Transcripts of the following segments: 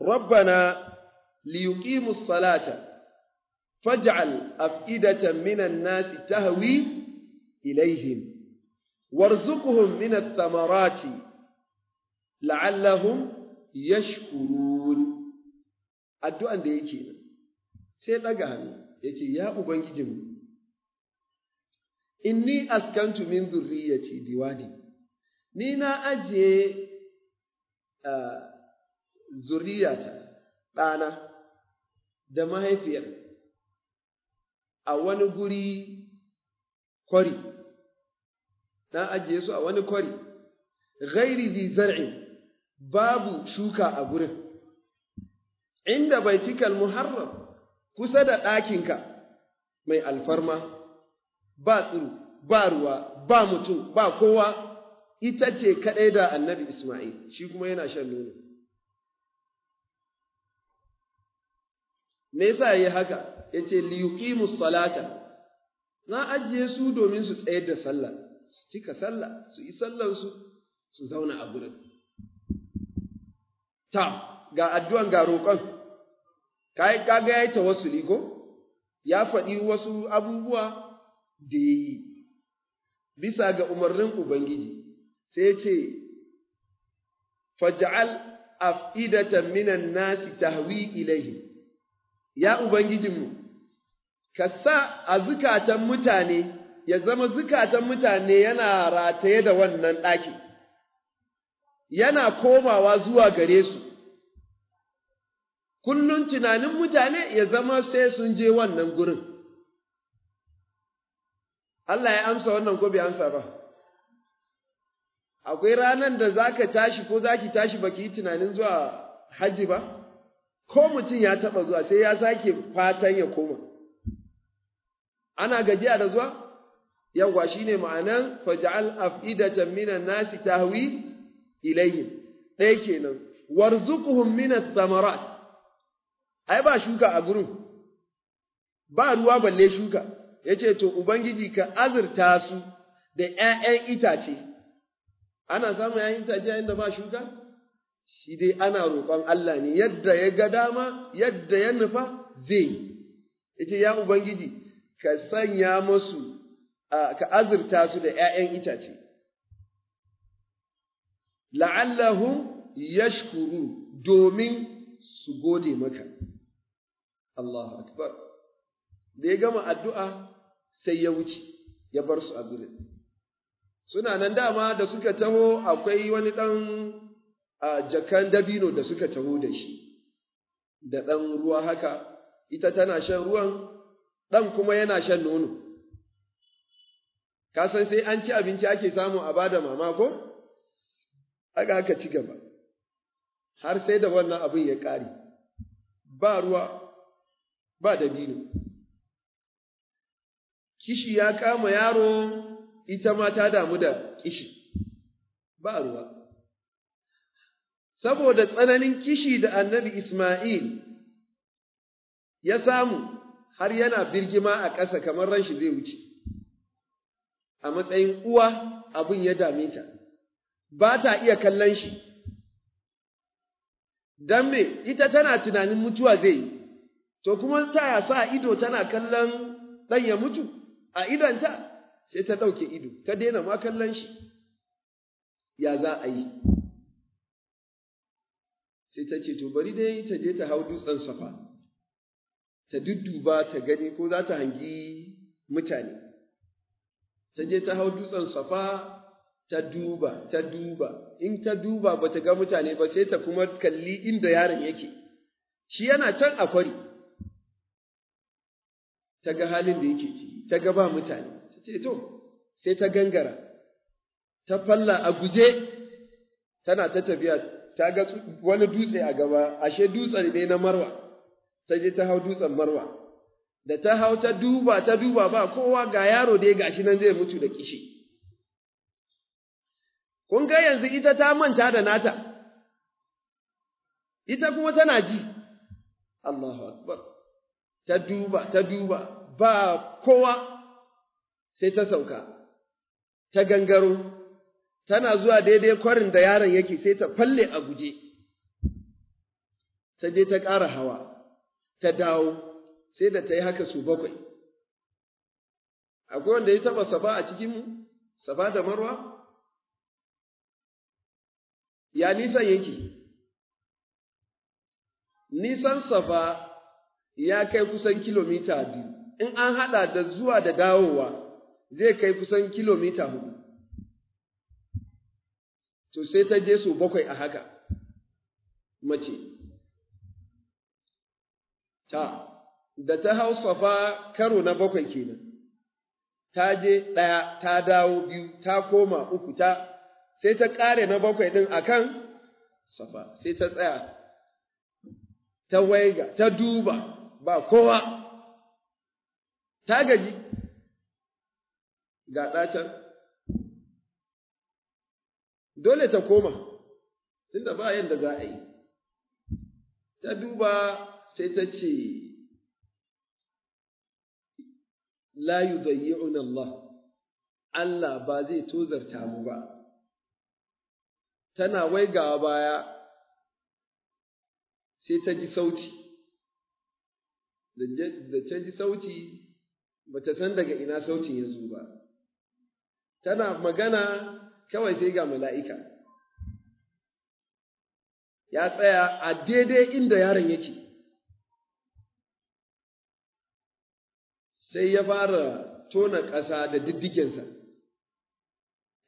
ربنا ليقيموا الصلاة فاجعل أفئدة من الناس تهوي إليهم وارزقهم من الثمرات لعلهم يشكرون الدعاء دي يكينا سيد أقهن يتي يا أبن كجم إني أسكنت من ذريتي بوادي نينا أجي آه، zuriyata ɗana da mahaifiyar a wani guri kwari, na ajiye su a wani kwari, ghairi zai zar'in babu shuka a gurin, inda bai baitikal muharram kusa da ɗakinka mai alfarma, ba tsuru ba ruwa, ba mutum, ba kowa, ita ce kaɗai da annabi Ismail, shi kuma yana shan nuna. me yasa yayi haka yace li yuqimu salata na ajiye su domin su tsayar da sallah su cika sallah su yi sallar su zauna a gurin ta ga addu'an ga roƙon kai wasu yayi tawassuli ko ya faɗi wasu abubuwa da yi. bisa ga umarnin ubangiji sai ce faj'al af'idatan minan nasi tahwi ilaihim ya Ubangijinmu, ka sa a zukatan mutane, ya zama zukatan mutane yana rataye da wannan ɗakin, yana komawa zuwa gare su, kullum tunanin mutane ya zama sai sun je wannan gurin. Allah ya amsa wannan ko bai amsa ba. Akwai ranar da za ka tashi ko za ki tashi baki tunanin zuwa hajji ba? ko mutum ya taɓa zuwa sai ya sake fatan ya koma. Ana gajiya da zuwa? Yawwa shi ne ma'anan faja'al af'idatan minan nasi tahwi ilayhim. Ɗaya kenan, warzuquhum minas samarat. Ai ba shuka a gurin, ba ruwa balle shuka, ya ce to Ubangiji ka azurta su da ‘ya'yan itace, ana samun ‘ya'yan itace yayin da ba shuka? shi dai ana roƙon Allah ne yadda ya ga dama yadda ya nufa zai ita ya ubangiji ka sanya masu ka azurta su da ‘ya'yan itace ya shukuru domin su gode maka Allahu akbar da ya gama addu'a sai ya wuce ya bar su a gurin suna nan dama da suka taho akwai wani ɗan a jakan dabino da suka taho da shi, da ɗan ruwa haka, ita tana shan ruwan, ɗan kuma yana shan nono. Ka san sai an ci abinci ake samu a bada mama ko? Aka haka ci gaba, har sai da wannan abin ya ƙare, ba ruwa, ba dabino. Kishi ya kama yaro, ita ma ta damu da kishi, ba ruwa. saboda tsananin kishi da annabi Ismail ya samu har yana birgima a ƙasa kamar ranshi zai wuce, a matsayin uwa abin ya dame ta, ba ta iya kallon shi, don me ita tana tunanin mutuwa zai yi, to kuma ta ya sa ido tana kallon ɗan ya mutu a idonta sai ta ɗauke ido, ta daina ma kallon shi, ya za a yi. sai ta ce to bari dai ta je ta hau dutsen safa ta dudduba ta gani ko za ta hangi mutane ta je ta hau dutsen safa ta duba ta duba in ta duba ba ta ga mutane ba sai ta kuma kalli inda yaron yake shi yana can a kwari ta ga halin da yake ciki ta ga ba mutane ta ce to sai ta gangara ta falla a guje tana ta tafiya ta ga wani dutse a gaba, ashe dutsen ne na marwa, ta je ta hau dutsen marwa, da ta hau ta duba ta duba ba kowa ga yaro da ya gashi nan zai mutu da kishi. Kun ga yanzu ita ta manta da nata, ita kuma tana ji, Allahu Akbar, ta duba, ta duba, ba kowa sai ta sauka, ta gangaro. tana zuwa daidai kwarin da yaron yake sai ta falle a guje, ta je ta ƙara hawa, ta dawo, sai da ta yi haka su bakwai. Akwai wanda ya taɓa saba a cikinmu, saba da marwa? Ya nisan yake? Nisan safa ya kai kusan kilomita biyu, in an haɗa da zuwa da dawowa zai kai kusan kilomita hudu. to sai ta je su bakwai a haka mace ta da ta hau safa karo na bakwai kenan ta je ɗaya ta dawo biyu ta koma uku ta sai ta ƙare na bakwai ɗin akan safa sai ta tsaya ta waiga ta duba ba kowa ta gaji ga ɗatar. dole ta koma, tunda ba yadda za a yi. Ta duba sai ta ce, La yudayyi'un Allah, Allah ba zai tozarta mu ba, tana waigawa baya sai ta ji sauti, da ta ji sauti ba ta san daga ina sautin ya zo ba. Tana magana kawai sai ga mala'ika. Ya tsaya a daidai inda yaron yake, sai ya fara tona ƙasa da diddigensa,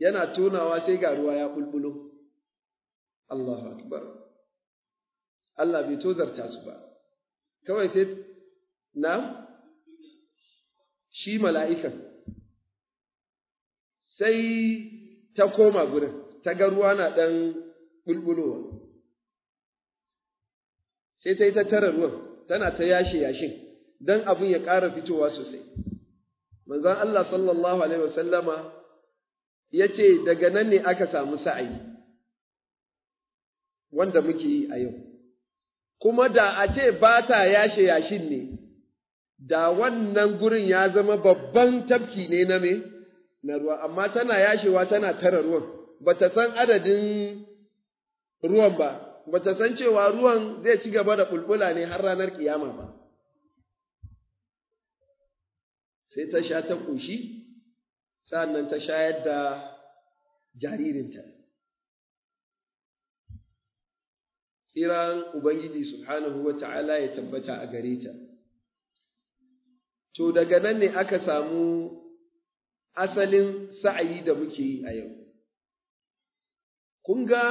yana tonawa sai ga ruwa ya bulbulo. Allahu Akbar. Allah bai tozarta su ba, kawai sai na shi mala'ikan. Sai ta koma gurin, ta ga ruwa na ɗan ɓulɓulowa. Sai ta yi ta tara ruwan, tana ta yashe yashin, don abin ya ƙara fitowa sosai. Manzan Allah sallallahu Alaihi wasallama ya ce, daga nan ne aka samu sa'ayi, wanda muke yi a yau. Kuma da a ce ba ta yashe yashin ne, da wannan gurin ya zama babban tafki ne na me? na ruwa, amma tana yashewa tana tara ruwan, ba ta san adadin ruwan ba, ba ta san cewa ruwan zai ci gaba da bulbula ne har ranar ƙiyama ba. Sai ta sha ta ƙoshi, sa'an ta shayar da jaririnta. Tsiran Ubangiji Subhanahu wa ta'ala ya tabbata a gare ta. To, daga nan ne aka samu asalin sa'ayi da muke yi a yau. Kun ga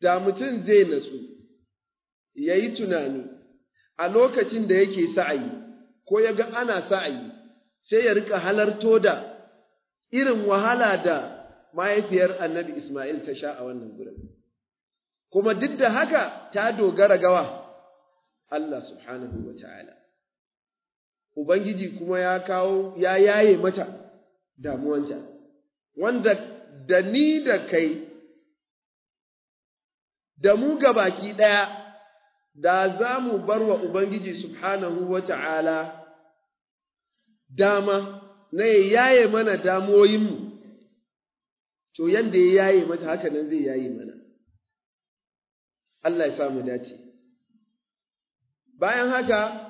da mutum zai nasu ya yi tunani, a lokacin da yake sa'ayi, ko ya ga ana sa'ayi, sai ya rika halarto da irin wahala da mahaifiyar annabi Ismail ta sha a wannan gurin. Kuma duk da haka ta dogara gawa Allah subhanahu wa ta'ala. Ubangiji kuma ya kawo ya yaye mata damuwanta, wanda da ni da kai, da mu ga baki ɗaya, da za mu bar wa Ubangiji Subhanahu wa ta'ala dama na ya yaye mana damuwoyinmu, to yanda ya yaye mata haka nan zai yaye mana. Allah ya samu dace. Bayan haka,